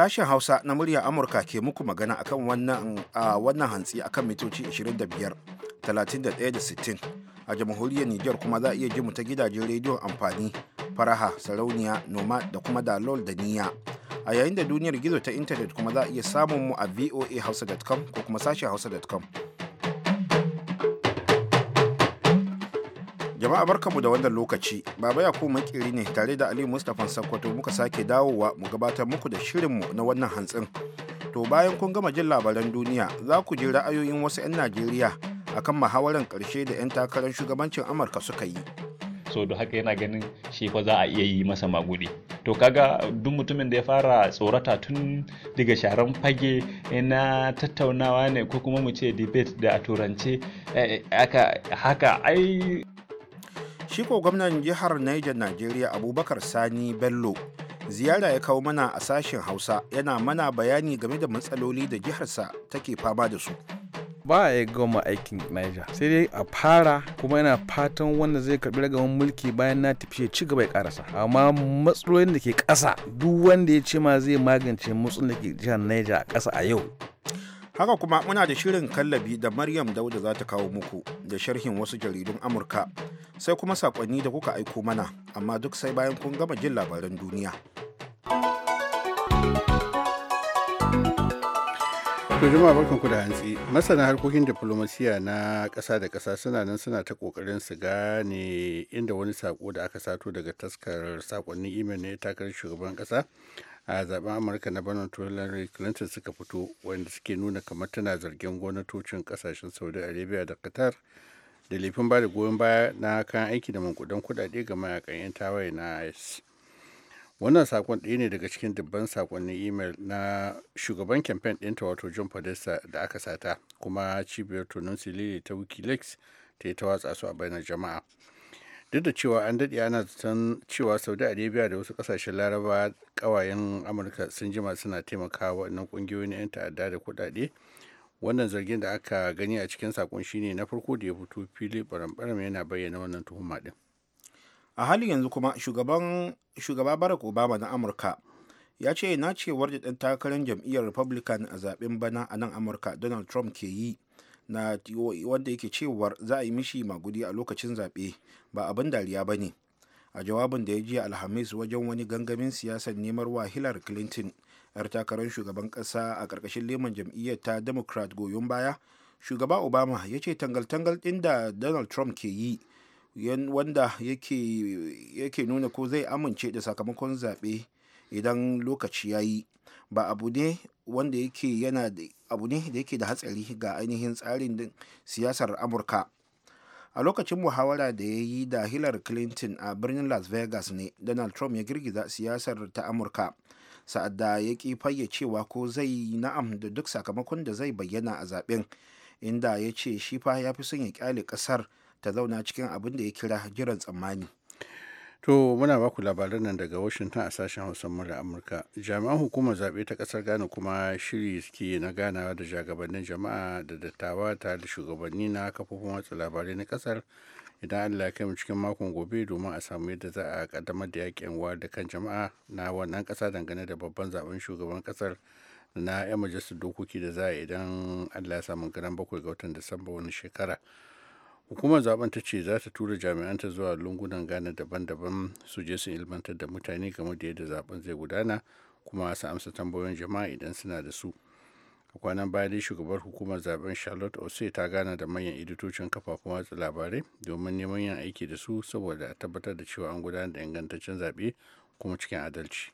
Sashen Hausa na muryar Amurka ke muku magana a kan wannan hantsi akan mitoci 25, 31 da 60. A jamhuriyar Nijar kuma za a iya ji mu ta gidajen rediyon amfani faraha, sarauniya, noma da kuma dalol da niyya. A yayin da duniyar gizo ta intanet kuma za a iya samun mu a voa hausa.com ko kuma sashen hausa.com. Jama'a barkamu da wannan lokaci, Baba Yakubu makiri ne tare da Ali Mustapha Sakkwato muka sake dawowa mu gabatar muku da shirinmu na wannan hantsin. To bayan kun gama jin labaran duniya, za ku ji ra'ayoyin wasu 'yan Najeriya akan muhawarar karshe da 'yan takarar shugabancin Amurka suka yi. so da haka yana ganin shi fa za a iya yi masa magudi to kaga duk mutumin da ya fara tsorata tun daga sharan fage na tattaunawa ne ko kuma mu ce debate da a turance eh, eh, haka ai shi ko gwamnan jihar niger najeriya abubakar sani bello ziyara ya kawo mana a sashen hausa yana mana bayani game da matsaloli da jiharsa take fama da su ba a yi goma aikin niger sai dai a fara kuma yana fatan wanda zai karbi ragaman mulki bayan na tafi ya ci gaba ya karasa amma matsalolin da ke ƙasa duk wanda ya ce ma zai magance matsalolin da ke jihar niger a ƙasa a yau haka kuma muna da shirin kallabi da maryam dauda za ta kawo muku da sharhin wasu jaridun amurka sai kuma sakonni da kuka aiko mana amma duk sai bayan kun gama jin labaran duniya to barkan ku da hantsi masana harkokin diplomasiya na ƙasa da ƙasa suna nan suna ta ƙoƙarin su gane inda wani sako da aka sato daga taskar saƙonnin imel ne takarar shugaban ƙasa a zaben amurka na bana hillary clinton suka fito wanda suke nuna kamar tana zargin gwamnatocin kasashen saudi arabia da qatar da laifin ba da goyon baya na kayan aiki da mankudan kudade ga mayakan 'yan tawaye na is wannan sakon ɗaya ne daga cikin dubban sakonnin imel na shugaban kamfen ɗinta wato john podesta da aka sata kuma cibiyar tunan silili ta wikileaks ta yi ta watsa su a bainar jama'a duk da cewa an daɗe ana zaton cewa saudi arabia da wasu ƙasashen laraba ƙawayen amurka sun jima suna taimakawa waɗannan na 'yan ta'adda da kuɗaɗe wannan zargin da aka gani a cikin sakon shine na farko da ya fito fili ɓaramɓaram yana bayyana wannan tuhuma ɗin. a halin yanzu kuma shugaban shugaba barack obama na amurka ya ce na cewar da ɗan takarar jam'iyyar republican a zaben bana a nan amurka donald trump ke yi na wanda yake cewar za a yi mishi magudi a lokacin zaɓe ba abin dariya ba ne a jawabin da ya ji alhamis wajen wani gangamin siyasar nemar wa hillary clinton yar takarar shugaban ƙasa a ƙarƙashin leman jam'iyyar ta democrat goyon baya shugaba obama ya ce tangal-tangal ɗin da donald trump ke yi wanda yake nuna ko zai amince da sakamakon zaɓe idan lokaci ya yi ba abu ne wanda yake yana da abu ne da yake da hatsari ga ainihin tsarin siyasar amurka a lokacin muhawara da ya yi da hillary clinton a birnin las vegas ne donald trump ya girgiza siyasar ta amurka sa'ad da ya ki cewa ko zai na'am da duk sakamakon da zai bayyana a zaben inda ya ce shi fa ya fi son ya kyale kasar ta zauna cikin abin da ya kira jiran tsammani To muna ba ku labaran nan daga Washington a sashen Hausa murar Amurka. Jami'an hukumar zaɓe ta ƙasar Ghana kuma shiri suke na ganawa da shugabannin jama'a da dattawa tare da shugabanni na kafofin watsa labarai na ƙasar idan Allah ya kai mu cikin makon gobe domin a samu yadda za a kaddamar da yaƙin wa da kan jama'a na wannan ƙasa dangane da babban zaɓen shugaban ƙasar na 'yan majalisar dokoki da za a idan Allah ya samu garan bakwai ga watan Disamba wani shekara. hukumar zaben ta ce za ta tura jami'anta zuwa lungunan ghana daban-daban su je su ilmantar da mutane game da yadda zaben zai gudana kuma su amsa tambayoyin jama'a idan suna da su a kwanan baya dai shugabar hukumar zaben charlotte osei ta gana da manyan editocin kafafen watsa labarai domin neman yin aiki da su saboda a tabbatar da cewa an gudanar da ingantaccen zaɓe kuma cikin adalci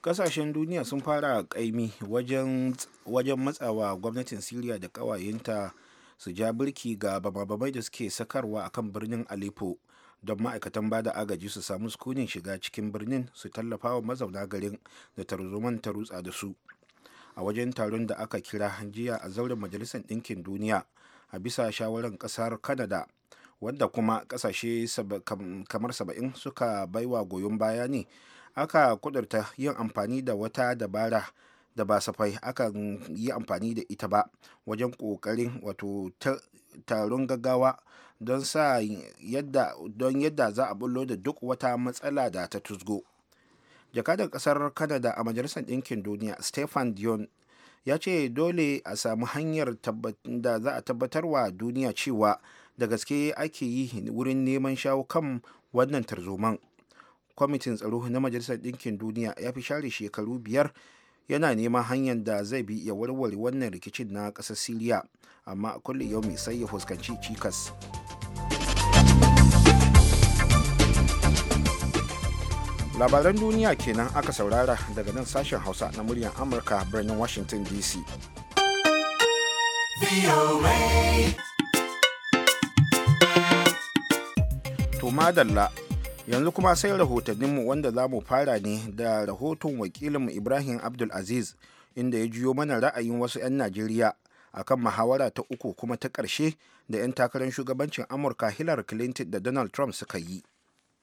kasashen duniya sun fara kaimi wajen matsawa gwamnatin siriya da ƙawayenta su ja birki ga bababai da suke sakarwa akan birnin aleppo don ma'aikatan ba da agaji su samu sukunin shiga cikin birnin su tallafa wa mazauna garin da tarzoman ta rutsa da su a wajen taron da aka kira jiya a zauren majalisar ɗinkin duniya a bisa shawarar ƙasar kanada wadda kuma ƙasashe kamar saba'in suka baiwa goyon baya ne aka kudurta yin amfani da wata dabara da ba safai akan yi amfani da ita ba wajen kokarin wato taron gaggawa don sa yadda don yadda za a bullo da duk wata matsala da ta tusgo jakadar kasar canada a majalisar ɗinkin duniya stefan dion ya ce dole a samu hanyar da za a tabbatarwa duniya cewa da gaske ake yi wurin neman shawo kan wannan tarzoman kwamitin tsaro na majalisar ɗinkin duniya ya fi share shekaru biyar yana neman hanyar da zai bi ya warware wannan rikicin na ƙasar siriya amma a kulle yau mai sai ya fuskanci cikas labaran duniya kenan aka saurara daga nan sashen hausa na muryar amurka birnin washington dc to madalla yanzu kuma sai rahotanninmu wanda za mu fara ne da rahoton wakilinmu ibrahim abdulaziz inda ya jiyo mana ra'ayin wasu 'yan najeriya akan muhawara ta uku kuma ta karshe da 'yan takarar shugabancin amurka hillary clinton da donald trump suka yi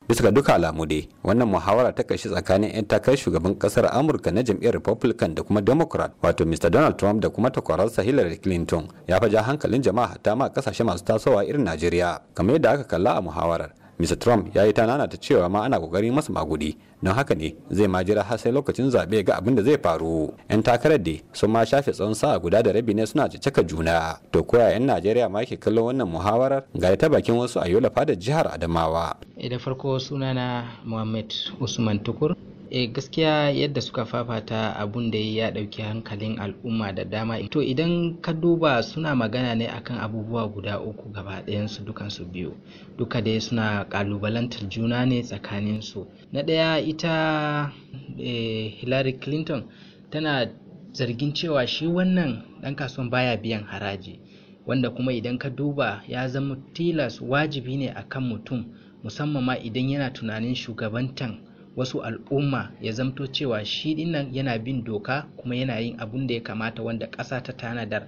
bisa ga duka alamu dai wannan muhawara ta karshe tsakanin 'yan takarar shugaban kasar amurka na jam'iyyar republican da kuma democrat wato mr donald trump da kuma takwararsa hillary clinton ya fa ja hankalin jama'a ta ma kasashe masu tasowa irin najeriya kamar yadda aka kalla a muhawarar Mr. Trump ya yi ta nana ta cewa ma ana kokarin masa magudi don haka ne zai ma jira har sai lokacin zaɓe ga abin da zai faru. 'Yan takarar da sun ma shafe tsawon sa'a guda da rabi ne suna caka juna. To koya 'yan Najeriya ma ke kallon wannan muhawarar ga ta bakin wasu a Yola fadar jihar Adamawa. Eh, da farko sunana Muhammad Usman Tukur Eh, gaskiya yadda suka fafata abun da ya ɗauki hankalin al'umma da dama to idan ka duba suna magana ne akan abubuwa guda uku gaba ɗayansu dukansu biyu duka dai suna ƙalubalantar juna ne tsakanin su na ɗaya ita eh, hillary clinton tana zargin cewa shi wannan ɗan kasuwan baya biyan haraji wanda kuma idan ka duba ya zama tilas wajibi ne akan mutum musamman ma idan yana tunanin shugabantan wasu al'umma ya zamto cewa shi dinnan yana bin doka kuma yana yin abun da ya kamata wanda ƙasa ta tanadar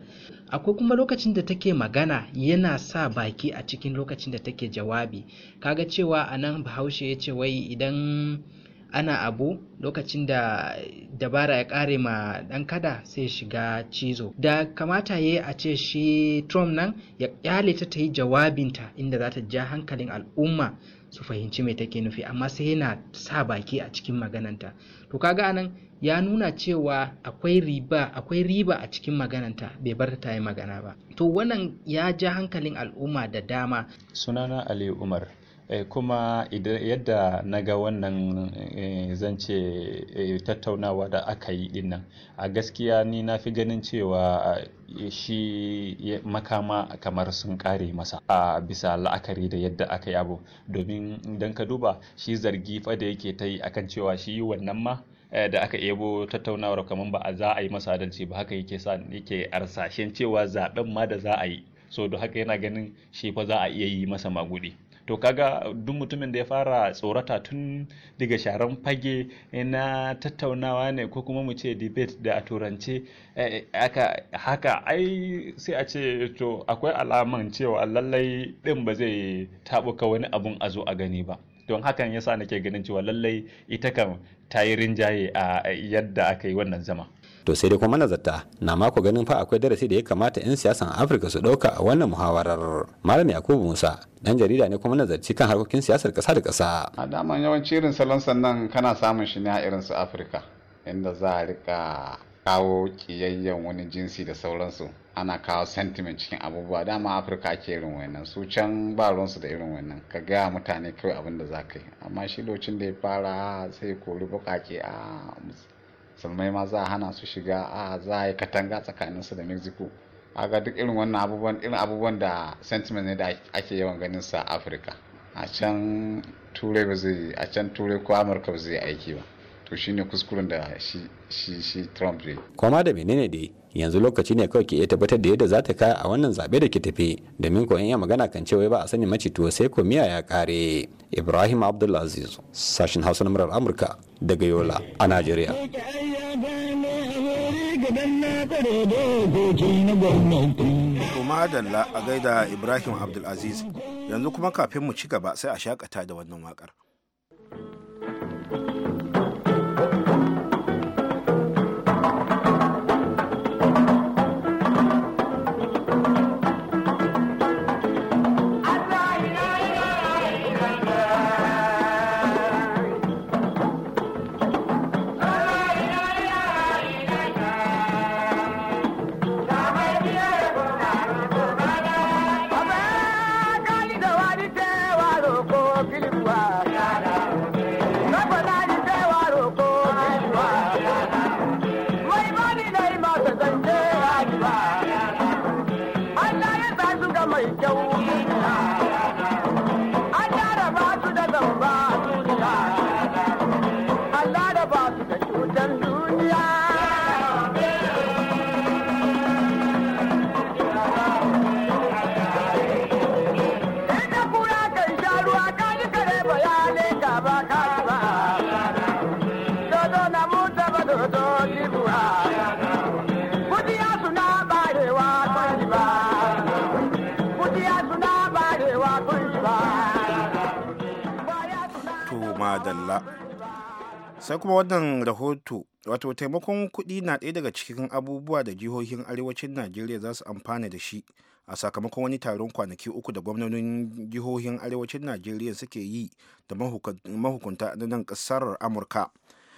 akwai kuma lokacin da take magana yana sa baki a cikin lokacin da take jawabi kaga cewa anan bahaushe ya ce wai idan ana abu lokacin da dabara ya kare ma dan kada sai shiga cizo da kamata ya a ce shi trump nan ya kyale ta ta yi jawabinta inda za ta ja hankalin al'umma su fahimci mai take nufi amma sai yana sa baki a cikin magananta to kaga anan ya nuna cewa akwai riba akwai riba a cikin magananta bai bar ta yi magana ba to wannan ya ja hankalin al'umma da dama sunana ali umar Eh, kuma yadda na ga wannan eh, zan ce eh, tattaunawa da aka yi dinnan a gaskiya ni na fi ganin cewa shi makama kamar sun kare masa a bisa la'akari da yadda aka yi abu domin idan ka duba shi zargi fa da yake ta yi akan cewa shi wannan ma da aka yabo tattaunawar kamar ba a za a yi masa adalci ba haka yake sa yake arsashen cewa zaben ma da za a yi so da haka yana ganin shi fa za a iya yi masa magudi to kaga duk mutumin da ya fara tsorata tun daga sharan fage na tattaunawa ne ko kuma mu ce debate da a turance eh, haka ai sai a ce to akwai alaman cewa lallai din ba zai tabuka wani abun a zo a gani ba don hakan yasa nake ganin cewa lallai ita kan ta yi rinjaye a yadda aka yi wannan zama to sai dai kuma nazarta na mako ganin fa akwai darasi da ya kamata 'yan siyasan afirka su dauka a wannan muhawarar malam yakubu musa dan jarida ne kuma nazarci kan harkokin siyasar kasa da kasa. a daman yawanci irin salon sannan kana samun shi ne a irin su afirka inda za a rika kawo kiyayyen wani jinsi da sauransu ana kawo sentiment cikin abubuwa dama afirka ake irin wannan su can ba ruwansu da irin wannan ka gaya mutane kawai abin da za ka yi amma shi lokacin da ya fara sai kori bukaki a musulmai ma za a hana su shiga a za a yi katanga tsakanin su da mexico aga duk irin wannan abubuwan irin abubuwan da sentiment ne da ake yawan ganin sa afirka a can turai ba zai a can turai ko amurka ba zai aiki ba to ne kuskuren da shi Trump ne koma da menene dai yanzu lokaci ne kawai ke iya tabbatar da yadda za ta kaya a wannan zabe da ke tafi domin ko in magana kan cewa ba a sani mace tuwo sai ko miya ya kare Ibrahim Abdulaziz sashin Hausa na murar Amurka daga Yola a Najeriya kuma a gaida Ibrahim Abdulaziz yanzu kuma kafin mu ci gaba sai a shakata da wannan wakar. dalla sai kuma wannan rahoto wato taimakon kuɗi na ɗaya daga cikin abubuwa da jihohin arewacin najeriya za su amfana da shi a sakamakon wani taron kwanaki uku da gwamnonin jihohin arewacin najeriya suke yi da mahukunta nan ƙasar amurka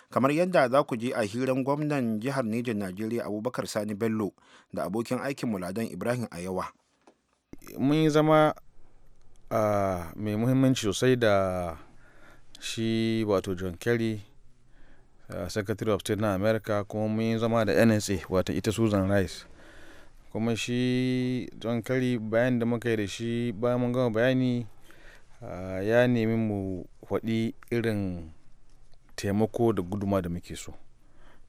kamar yadda za ku je a hiran gwamnan jihar Nijar Najeriya Abubakar Sani Bello da abokin aikin Muladan Ibrahim Ayawa. Mun yi zama ah, mai muhimmanci sosai da shi wato john kerry uh, secretary of state na america kuma mun zama da nsa wato ita susan rice kuma shi john kerry bayan da muka yi da shi bayan mun gama bayani uh, ya nemi mu faɗi irin taimako da guduma da muke so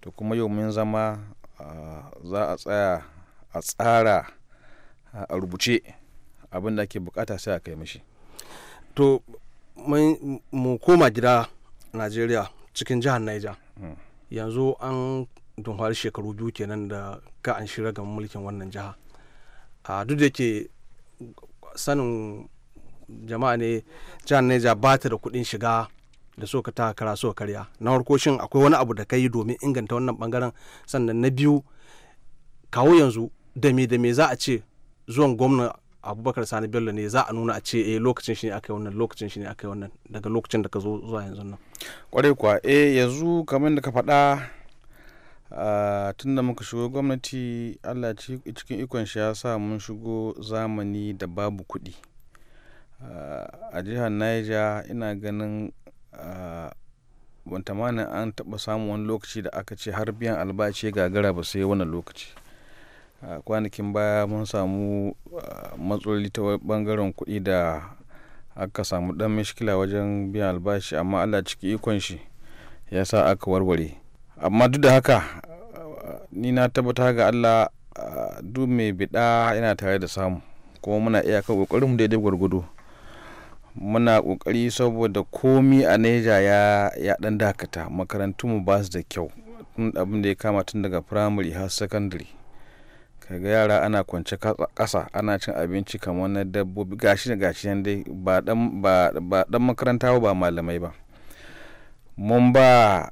to kuma yau mun zama uh, za a tsaya a tsara a rubuce abin da ake bukata sai a kai mashi to mu koma gida najeriya cikin jihar niger hmm. yanzu an dunhari shekaru biyu kenan da ka an shirya ga mulkin wannan jiha a duk da yake sanin jama'a ne jihar niger ba ta da kuɗin shiga da so ka takara so karya na farko shin akwai wani abu da ka yi domin inganta wannan bangaren sannan na biyu kawo yanzu da me da me za a ce zuwan gwamna abubakar sani bello ne za a nuna a ce eh lokacin shi ne aka yi wannan lokacin shi ne aka yi wannan daga lokacin da ka zo zuwa yanzu nan kwarai kuwa eh yanzu kamar da ka faɗa ah, tun da muka shigo gwamnati allah cikin ikon shi ya sa mun shigo zamani da babu kuɗi ah, a jihar niger ina ganin ah, ban an taɓa samun wani lokaci da aka ce har biyan albashi gagara ba sai wani lokaci a kwanakin baya mun samu matsaloli ta bangaren kuɗi da aka samu ɗan mishkila wajen biyan albashi amma allah ciki ikon shi ya sa aka warware amma duk da haka ni na tabbata ga allah duk mai biɗa yana tare da samu kuma muna iya iyakar mu daidai gwargwado muna ƙoƙari saboda komi a neja ya ya ɗan dakata makarantunmu ba su da kyau tun abin da ya kama tun daga firamare har sakandare kaga yara ana kwance ƙasa ana cin abinci kamar na dabbobi gashi da gashi dai ba dan makaranta ba malamai ba mun ba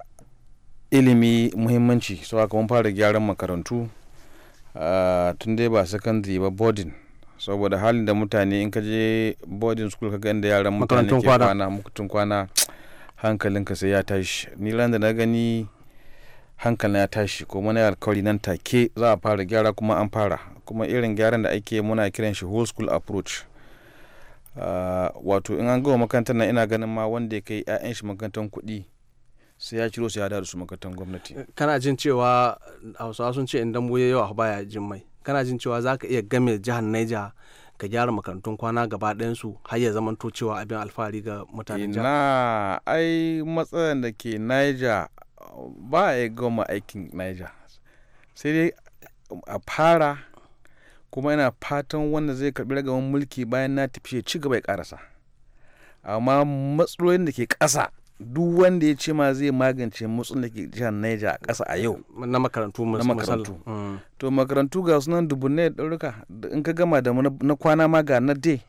ilimi muhimmanci so haka mun fara gyaran makarantu ah, tun dai ba secondary ba boarding saboda halin da mutane in ka je boarding school ka inda yaran mutane ke kwana kwana hankalinka sai ya tashi ni ran da na gani hankali ya tashi ko na alkawari nan take za a fara gyara kuma an fara kuma irin gyaran da ake muna kiran shi whole school approach ah, wato in an gama makarantar nan ina ganin ma wanda ya kai 'ya'yan shi makarantar kuɗi sai ya ciro su ya da su makarantar gwamnati eh, kana jin cewa hausawa sun ce in dambu ya yawa baya jin mai kana jin cewa za ka iya game jihar Niger ka gyara makarantun kwana gaba ɗayansu har ya zamanto cewa abin alfahari ga mutane ina ai matsalar da ke Niger ba ya goma aikin niger sai dai a fara kuma yana fatan wanda zai karbi ragaban mulki bayan na tafi ya ci gaba ya karasa amma matsalolin da ke kasa duk wanda ya ce ma zai magance matsalolin da ke jihar niger a ƙasa a yau na makarantu na makarantu mm. to makarantu ga sunan dubunnai da ɗaurika in ka gama da na kwana ma ga na dai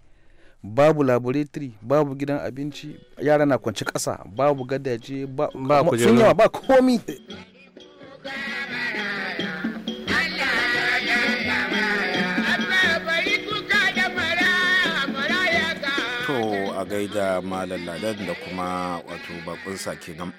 babu laboratory babu gidan abinci yara na kwanci ƙasa babu gadaje ba sun yawa ba komi a gaida malam da kuma wato bakun kenan.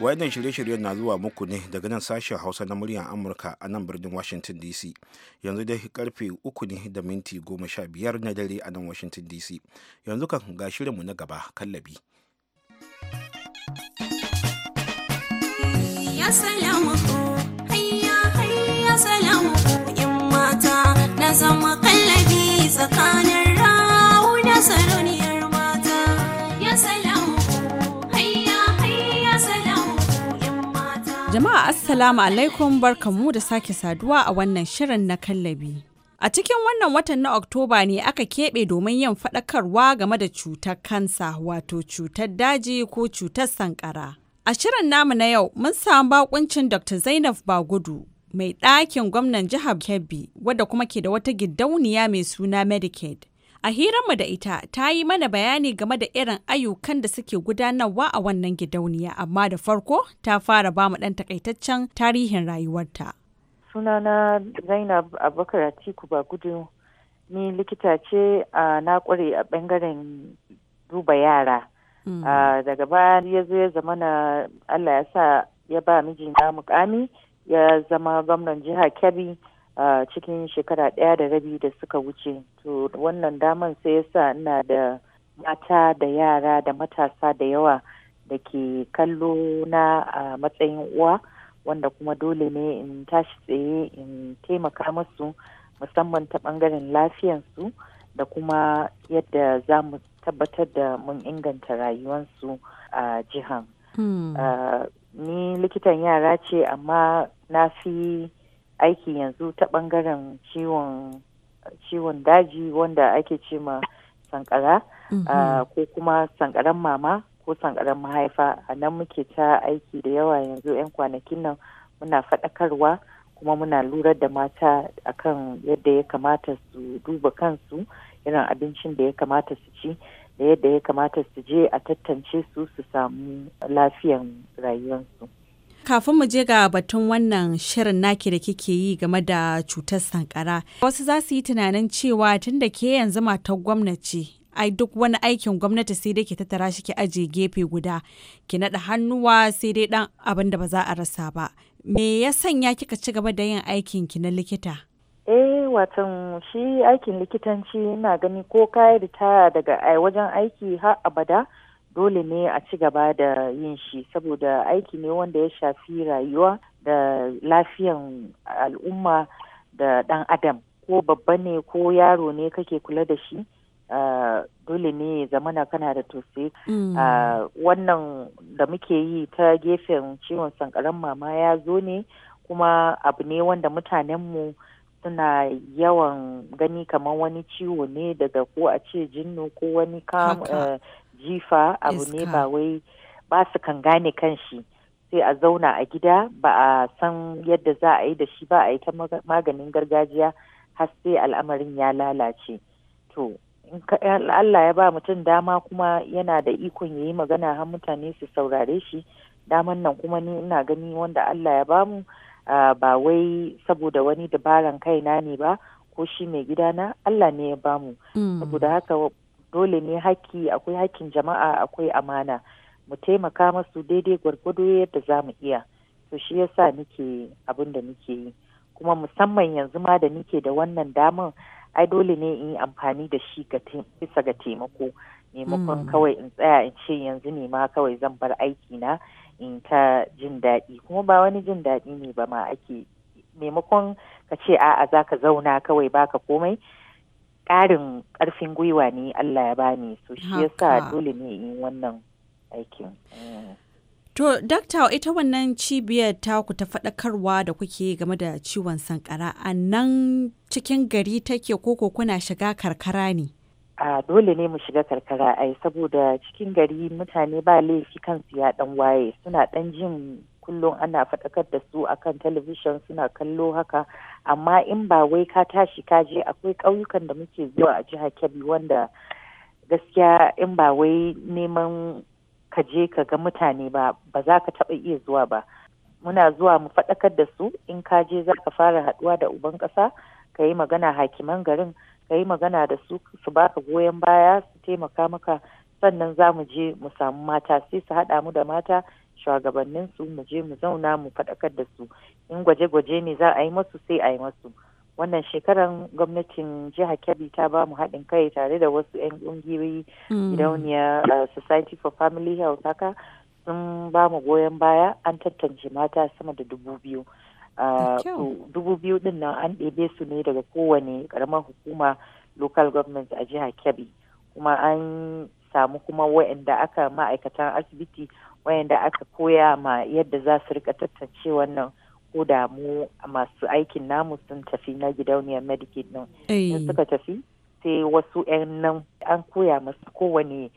wayannan shirye-shiryen na zuwa muku ne daga nan sashen hausa na muryar amurka a nan birnin washington dc yanzu dai karfe uku ne da minti goma sha biyar na dare a nan washington dc yanzu kan ga shirinmu na gaba kallabi ya mata na zama kallabi tsakanin rawu da Jama'a Assalamu alaikum barkamu da sake saduwa a wannan shirin na kallabi. A cikin wannan watan na Oktoba ne aka keɓe domin yin faɗakarwa game da cutar kansa wato cutar daji ko cutar sankara. A shirin namu na yau mun samu bakuncin Dr. Zainab Bagudu mai ɗakin gwamnan jihar Kebbi wadda kuma ke da wata gidauniya mai suna Medicaid. A hiranmu da ita ta yi mana bayani game da irin ayyukan da suke gudanarwa a wannan gidauniya, amma da farko ta fara bamu ɗan takaitaccen tarihin rayuwarta. Sunana Zainab Abubakar Atiku ba gudu ni likita ce a na kware a bangaren duba yara. Mm. Daga baya ya zo ya zama na Allah ya sa ya ba mijina mukami ya zama gwamnan jiha Kebbi a cikin shekara ɗaya da rabi da suka wuce to wannan daman sai yasa ina da mata da yara da matasa da yawa da ke kallo na a matsayin uwa wanda kuma dole ne in tashi tsaye in taimaka musu musamman ta ɓangaren lafiyansu da kuma yadda za mu tabbatar da mun inganta rayuwansu a jihan. Hmm. ni likitan yara ce amma na fi aiki yanzu ta bangaren ciwon daji wanda ake ce ma sankara mm-hmm. ah, ko kuma sankaran mama ko sankaran mahaifa a nan muke ta aiki da yawa yanzu 'yan kwanakin nan muna faɗakarwa kuma muna lura da mata akan yadda ya kamata su duba kansu irin abincin da ya kamata su ci da yadda ya kamata su je a tattance su su samu lafiyan rayuwarsu. Kafin mu je ga batun wannan shirin naki da kike yi game da cutar sankara, wasu za su yi tunanin cewa tun da ke yanzu matar gwamnati ai duk wani aikin gwamnati sai dai ki tattara shi ke aje gefe guda ki naɗa hannuwa sai dai dan abin da ba za a rasa ba me ya sanya kika ci gaba da yin aikin ki na likita eh watan shi aikin likitanci ina gani ko kayi ritaya daga eh, wajen aiki har abada dole ne a ci gaba da yin shi saboda aiki ne wanda ya shafi rayuwa da lafiyan al'umma da ɗan adam ko babba ne ko yaro ne kake kula da shi dole ne zamana kana da tausayi mm. wannan da muke yi ta gefen ciwon sankaran mama ya zo ne kuma abu ne wanda mutanenmu suna yawan gani kamar wani ciwo ne daga ko a ce jinnu ko wani jifa abu ne ba wai ba su kan gane kan shi sai a zauna a gida ba a san yadda za a yi da shi ba a yi ta maganin gargajiya har sai al'amarin ya lalace to Allah ya ba mutum dama kuma yana da ikon ya yi magana har mutane su saurare shi daman nan kuma ni ina gani wanda Allah ya bamu ba wai saboda wani dabaran kai na ne ba ko shi mai gidana Allah ne ya bamu mm. saboda haka dole ne haƙƙi akwai haƙƙin jama'a akwai amana mu taimaka masu daidai gwargwado yadda za mu iya to shi yasa nike abin da nike yi kuma musamman yanzu ma da nike da wannan damar ai dole ne in yi amfani da shi bisa ga taimako maimakon mm. kawai in tsaya in ce yanzu ne ma kawai zan bar aiki na in ta jin daɗi kuma ba wani jin daɗi ne ba ma ake maimakon ka ce a'a za ka zauna kawai baka komai ƙarin ƙarfin gwiwa ne Allah ya bani so shi yasa dole ne in wannan aikin. Mm. To, Dokta, ita wannan cibiyar taku ta faɗakarwa da kuke game da ciwon sankara a nan cikin gari take koko kuna shiga karkara ne? A dole ne mu shiga karkara ai saboda cikin gari mutane ba laifi kansu ya ɗan waye suna ɗan jin kullum ana faɗakar da su akan talabishin suna kallo haka amma in ba wai ka tashi ka je akwai ƙauyukan da muke zuwa a jihar kebbi wanda gaskiya in ba wai neman ka je ka ga mutane ba ba za ka taɓa iya zuwa ba muna zuwa mu faɗakar da su in ka je za ka fara haɗuwa da uban ƙasa ka yi magana hakiman garin ka yi magana da su su baka goyon baya su taimaka maka sannan za mu je mu samu mata sai su haɗa mu da mata shugabannin su mu je mu zauna mu faɗakar da su in gwaje-gwaje ne za a yi masu sai a yi masu wannan shekaran gwamnatin jiha kebbi ta ba mu haɗin kai tare da wasu 'yan ƙungiyoyi mm. gidauniya uh, society for family health haka sun ba mu goyon baya an tantance mata sama da dubu biyu uh, dubu biyu din nan an ɗebe su ne daga kowane ƙaramar hukuma local government a jiha kebbi kuma an samu kuma wa'anda aka ma'aikatan asibiti wayanda aka koya ma yadda za su rika tattace wannan ko da mu masu aikin namu sun tafi na gidauniyar medicaid din eh. suka tafi sai wasu 'yan nan an koya masu kowane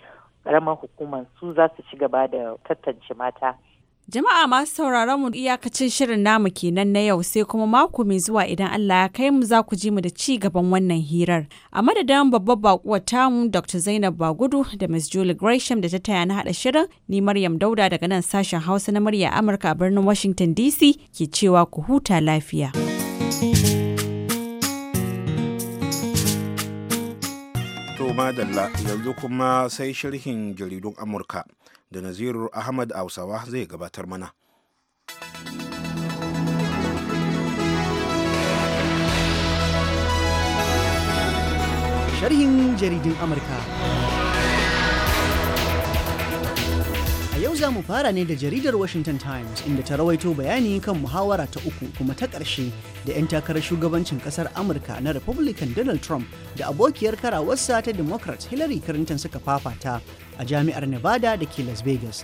karamar hukumar su za su ci gaba da tattance mata Jama'a masu sauraron mu iyakacin shirin namu kenan na yau sai kuma mako mai zuwa idan Allah ya kai mu za ku ji mu da ci gaban wannan hirar. A madadin babbar bakuwar tamu Dr. Zainab Bagudu da Ms. Julie Gresham da ta taya na haɗa shirin ni Maryam Dauda daga nan sashen Hausa na murya Amurka a birnin Washington DC ke cewa ku huta lafiya. To madalla yanzu kuma sai shirhin jaridun Amurka. da naziru ahmad hausawa zai gabatar mana sharhin jaridin amurka a yau za mu fara ne da jaridar washington times inda ta rawaito bayani kan muhawara ta uku kuma ta ƙarshe da 'yan takarar shugabancin ƙasar amurka na republican donald trump da abokiyar karawarsa ta democrat hillary clinton suka fafata a jami'ar Nevada da ke Las Vegas,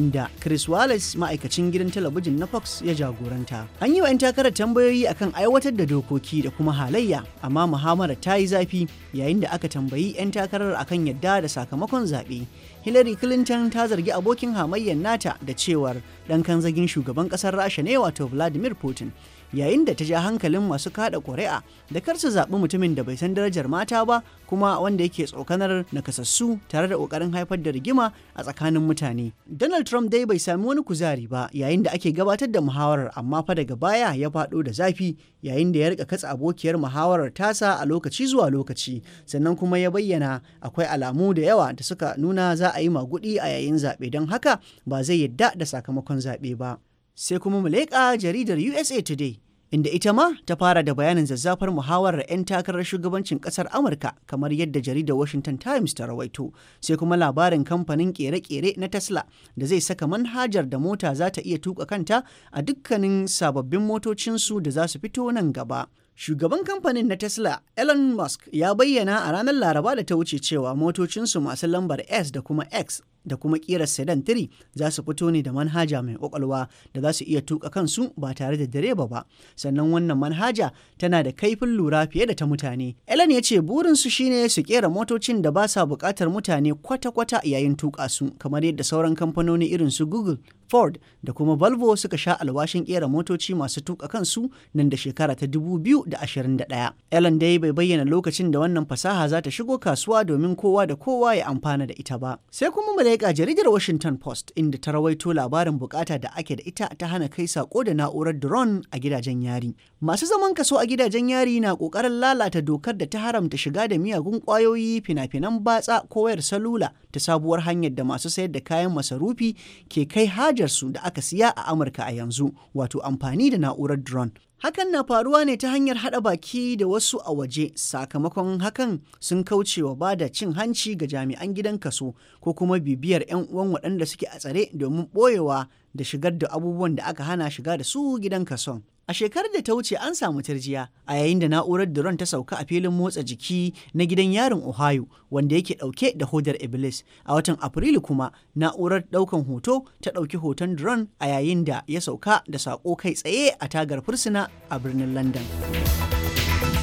inda Chris Wallace ma'aikacin gidan talabijin na Fox ya jagoranta. An yi wa 'yan takarar tambayoyi akan aiwatar da dokoki da kuma halayya, amma muhammara ta yi zafi yayin da aka tambayi 'yan takarar akan yadda da sakamakon zaɓe. Hillary Clinton ta zargi abokin hamayyar nata da cewar ɗan kanzagin shugaban ƙasar Rasha ne wato Vladimir Putin. yayin da ta ja hankalin masu kada ƙuri'a da kar su zaɓi mutumin da bai san darajar mata ba kuma wanda yake tsokanar nakasassu tare da ƙoƙarin haifar da rigima a tsakanin mutane. Donald Trump dai bai sami wani kuzari ba yayin da ake gabatar da muhawarar amma fa daga baya ya faɗo da zafi yayin da ya rika katsa abokiyar muhawarar tasa a lokaci zuwa lokaci sannan kuma ya bayyana akwai alamu da yawa da suka nuna za a yi maguɗi a yayin zaɓe don haka ba zai yadda da sakamakon zaɓe ba. sai kuma mu leƙa jaridar USA Today inda ita ma ta fara da bayanin zazzafar muhawarar 'yan takarar shugabancin ƙasar Amurka kamar yadda jaridar Washington Times ta rawaito sai kuma labarin kamfanin ƙere-ƙere na Tesla da zai saka manhajar da mota za ta iya tuka kanta a dukkanin sababbin motocinsu da za su fito nan gaba Shugaban kamfanin na Tesla, Elon Musk, ya bayyana a ranar Laraba da ta wuce cewa motocinsu masu lambar S da kuma X da kuma ƙirar sedan 3 za su fito ne da manhaja mai kwakwalwa da za su iya tuka kansu ba tare da direba ba sannan wannan manhaja tana da kaifin lura fiye da ta mutane Elon ya ce burinsu shine su kera motocin da ba sa buƙatar mutane kwata-kwata yayin tuka su kamar yadda sauran kamfanoni irin su Google Ford da kuma Volvo suka sha alwashin kera motoci masu tuka kansu nan da shekara ta 2021. Elon dai bai bayyana lokacin da wannan fasaha za ta shigo kasuwa domin kowa da kowa ya amfana da ita ba. Sai kuma malaika jaridar Washington Post inda ta rawaito labarin bukata da ake da ita ta hana kai sako da na'urar drone a gidajen yari. Masu zaman kaso a gidajen yari na kokarin lalata dokar da ta haramta shiga da miyagun kwayoyi fina-finan batsa ko wayar salula ta sabuwar hanyar da masu sayar da kayan masarufi ke kai haja su da aka siya a Amurka a yanzu, wato amfani da na'urar drone. Hakan na faruwa ne ta hanyar haɗa baki da wasu a waje sakamakon hakan sun kaucewa ba da cin hanci ga jami'an gidan kaso ko kuma bibiyar 'yan uwan waɗanda suke a tsare domin ɓoyewa da shigar da abubuwan da aka hana shiga da su gidan kason. A shekarar da ta wuce an samu tarjiya a yayin da na'urar drone ta sauka a filin motsa jiki na gidan yarin Ohio wanda yake ɗauke da hodar Iblis. A watan Afrilu kuma na'urar ɗaukan hoto ta ɗauki hoton drone a yayin da ya sauka da sako kai tsaye a tagar fursuna a birnin London.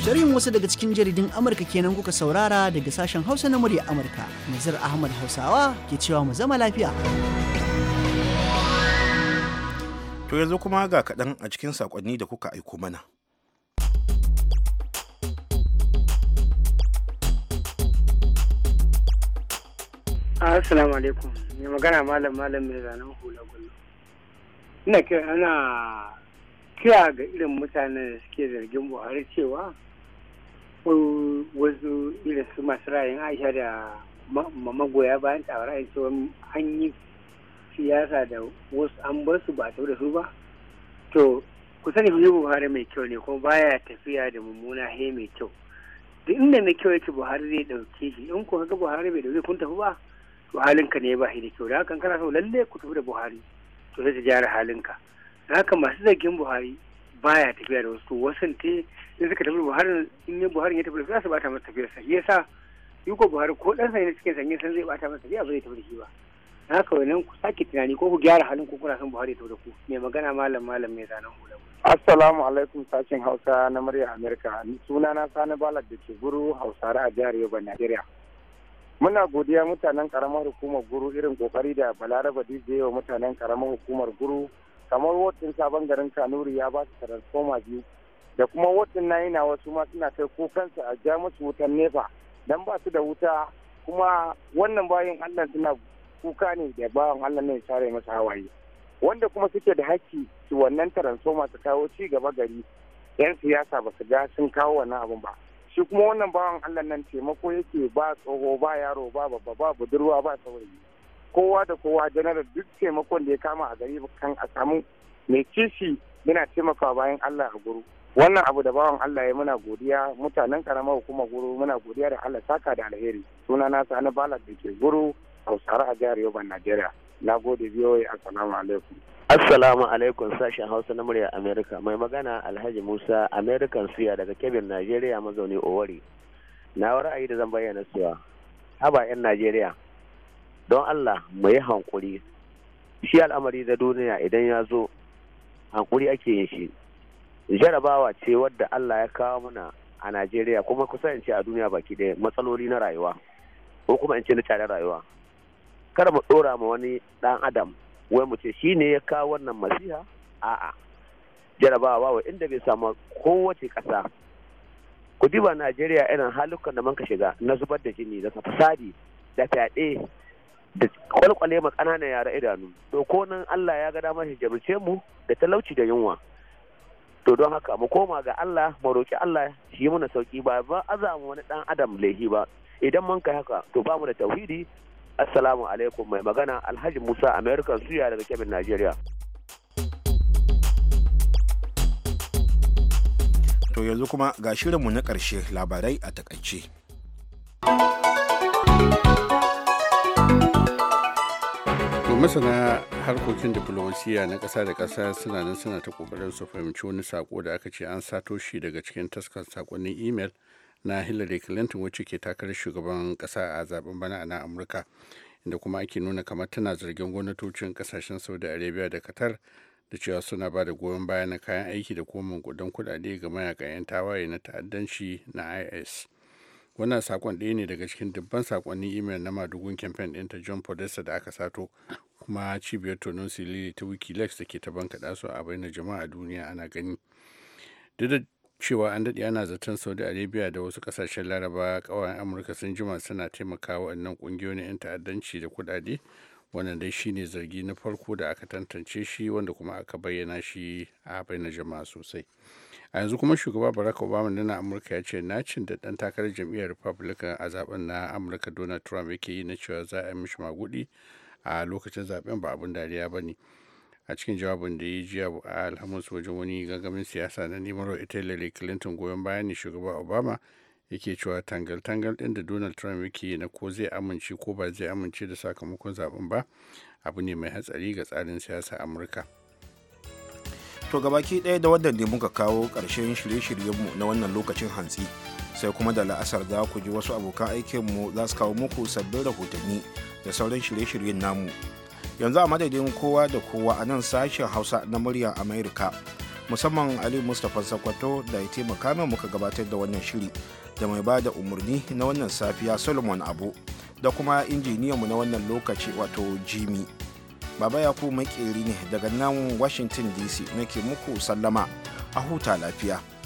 Sharhin wasu daga cikin jaridun Amurka kenan kuka saurara daga sashen Hausa na murya Amurka. Nazir Ahmad Hausawa ke cewa mu zama lafiya. To yanzu kuma ga kaɗan a cikin saƙonni da kuka aiko mana. Assalamu alaikum, mai magana malam malam mai zanen hula gullu. Ina kira ana kira ga irin mutanen da suke zargin Buhari cewa wasu irin su masu rayin Aisha da magoya bayan tsawar ra'ayin cewa an yi siyasa da wasu an bar su ba a da su ba to ku sani hujjar buhari mai kyau ne kuma baya tafiya da mummuna he mai kyau duk inda mai kyau yake buhari zai dauke shi in ku ga buhari bai dauke kun tafi ba to halinka ne ba shi da kyau da hakan kana so lalle ku tafi da buhari to sai ta gyara halinka da haka masu zagin buhari baya tafiya da wasu wasan te in suka tafi buhari in yi buhari ya tafi da su ba ta masa tafiyarsa sa. yasa yuko buhari ko dan sa ne cikin sanye san zai bata masa tafiya ba zai tafi da shi ba haka wannan ku sake tunani ko ku gyara halin ku kuna son Buhari da ku mai magana malam malam mai zanen hula Assalamu alaikum sashen Hausa na murya Amerika suna na Sani Balad da ke guru Hausare a jihar Yoruba Najeriya Muna godiya mutanen karamar hukumar guru irin kokari da Balaraba Dije wa mutanen karamar hukumar guru kamar wotin sabon garin Kanuri ya ba su transforma biyu da kuma wotin na yana wasu ma suna kai kukansu a ja musu wutan nefa dan ba su da wuta kuma wannan bayan Allah suna kuka ne da bawan Allah ne share masa hawaye wanda kuma suke da haƙƙi su wannan transformer su kawo ci gaba gari yan siyasa ba su ga sun kawo wannan abun ba shi kuma wannan bawan Allah nan taimako yake ba tsoho ba yaro ba babba ba budurwa ba saurayi kowa da kowa janar duk taimakon da ya kama a gari kan a samu mai kishi yana taimakawa bayan Allah a guru wannan abu da bawan Allah ya muna godiya mutanen karamar hukumar guru muna godiya da Allah saka da alheri sunana sani balad da ke guru hausare a jihar Yoruba najeriya na gode biyoyi assalamu alaikum Assalamu alaikum sashen Hausa na murya Amerika mai magana Alhaji Musa American Suya daga Kebin Najeriya mazauni Owari. Na ra'ayi da zan bayyana cewa haba 'yan Najeriya don Allah mu yi hankuri shi al'amari da duniya idan ya zo hankuri ake yin shi. Jarabawa ce wadda Allah ya kawo mana a Najeriya kuma kusa in ce a duniya baki ɗaya matsaloli na rayuwa ko kuma in ce na tare rayuwa. kar mu dora ma wani dan adam wai mu ce shine ya kawo wannan masiha a'a jarabawa wa inda bai samu kowace kasa ku diba najeriya irin halukan da manka shiga na zubar da jini da fasadi da fyaɗe da kwalkwale ma ƙananan yara idanu to ko nan allah ya ga damar hijabce mu da talauci da yunwa to don haka mu koma ga allah mu roƙi allah shi yi mana sauki ba ba azamu wani ɗan adam laihi ba idan mun kai haka to ba mu da tauhidi Assalamu alaikum mai magana Alhaji Musa American Suya daga Kebbi Najeriya. To yanzu kuma ga shirinmu na ƙarshe labarai a takaice. masana harkokin diplomasiya na ƙasa da ƙasa suna nan suna ta ƙoƙarin su fahimci wani sako da aka ce an sato shi daga cikin taskar saƙonnin imel na hillary clinton wacce ke takarar shugaban kasa a zaben bana a amurka inda kuma ake nuna kamar tana zargin gwamnatocin kasashen saudi arabia da qatar da cewa suna ba da goyon baya na kayan aiki da kuma mankudan kudade ga mayaka 'yan tawaye na ta'addanci na is wannan sakon ɗaya ne daga cikin dubban sakonnin imel na madugun campaign ɗinta john podesta da aka sato kuma cibiyar tonon silili ta wikileaks da ke ta bankaɗa su a bayyana jama'a a duniya ana gani duk cewa an daɗe ana zaton saudi arabia da wasu kasashen laraba ƙawayen amurka sun jima suna taimakawa waɗannan ƙungiyoyin 'yan ta'addanci da kuɗaɗe wannan dai shine zargi na farko da aka tantance shi wanda kuma aka bayyana shi a bayyana jama'a sosai a yanzu kuma shugaba barack obama na amurka ya ce nacin da ɗan takarar jam'iyyar republican a zaben na amurka donald trump yake yi na cewa za a yi mishi magudi a lokacin zaben ba abun dariya ba ne a cikin jawabin da ya jiya a alhamis wajen wani gangamin siyasa na neman ita hillary clinton goyon bayan ne shugaba obama yake cewa tangal-tangal ɗin da donald trump yake na ko zai amince ko ba zai amince da sakamakon zaben ba abu ne mai hatsari ga tsarin siyasa amurka to gabaki ɗaya da wannan ne muka kawo ƙarshen shirye-shiryenmu na wannan lokacin hantsi sai kuma da la'asar za ku ji wasu abokan aikinmu za su kawo muku sabbin rahotanni da sauran shirye-shiryen namu yanzu a madadin kowa da kowa a nan sashen hausa na muryar america musamman ali mustapha sakwato da ya taimaka min muka gabatar da wannan shiri da mai ba da umarni na wannan safiya solomon abu da kuma injiniyanmu na wannan lokaci wato jimi baba ya ku ne daga nan washington dc nake muku sallama a huta lafiya